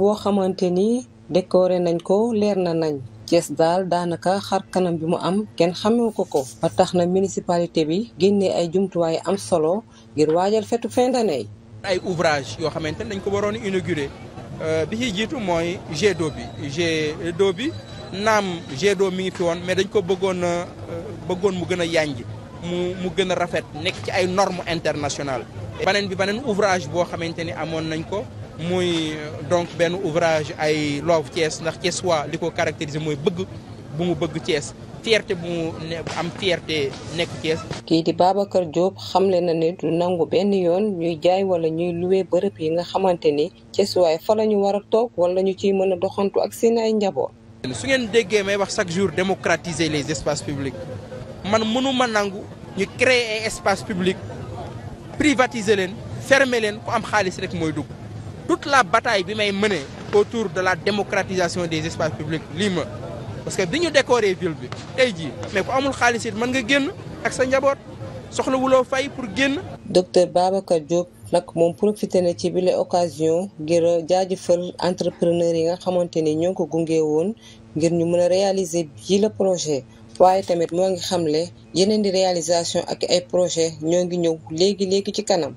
boo xamante ni décoré nañ ko leer na nañ. cees daal daanaka xar kanam bi mu am kenn xamewu ko ko ba tax na municipalité bi génnee ay jumtuwaay am solo ngir waajal fetu fin d'année yi ay ouvrage yoo xamante ni dañ ko waroon inauguré euh, bi ci jiitu mooy jet bi jet bi naam gédo d'eau mi ngi fi woon mais dañ ko bëggoon euh, bëggoon mu gën a yànj mu mu gën a rafet nekk ci ay normes internationales beneen bi beneen ouvrage boo xamante ni amoon nañ ko muy donc benn ouvrage ay loof Thiès ndax Thiès waa li ko caractériser mooy bëgg bu mu bëgg Thiès fierté bu mu am fierté nekk Thiès. kii di Babacar Diop xamle na ne du nangu benn yoon ñuy jaay wala ñuy luwe bërëb yi nga xamante ni Thiès waay fa la ñu war a toog wala ñu ciy mën a doxantu ak seen ay njaboot. su ngeen déggee may wax chaque jour démocratiser les espaces publics man mënuma nangu ñu créer ay espaces publics privatiser leen fermer leen ku am xaalis rek mooy dugg. toute la bataille bi may mëne autour de la démocratisation des espaces publics lii ma parce que bi ñu décorer ville bi tey jii mais ku amul xaalis it nga génn ak sa njaboot soxlawuloo wuloo fay pour génn. docteur Babacar Diop nag moom profiter na ci bile occasion ngir jaajëfal entrepreneur yi nga xamante ni ñoo ko gunge woon ngir ñu mën a réaliser ji la projet. waaye tamit moo ngi xamle yeneen di réalisation ak ay projet ñoo ngi ñëw léegi léegi ci kanam.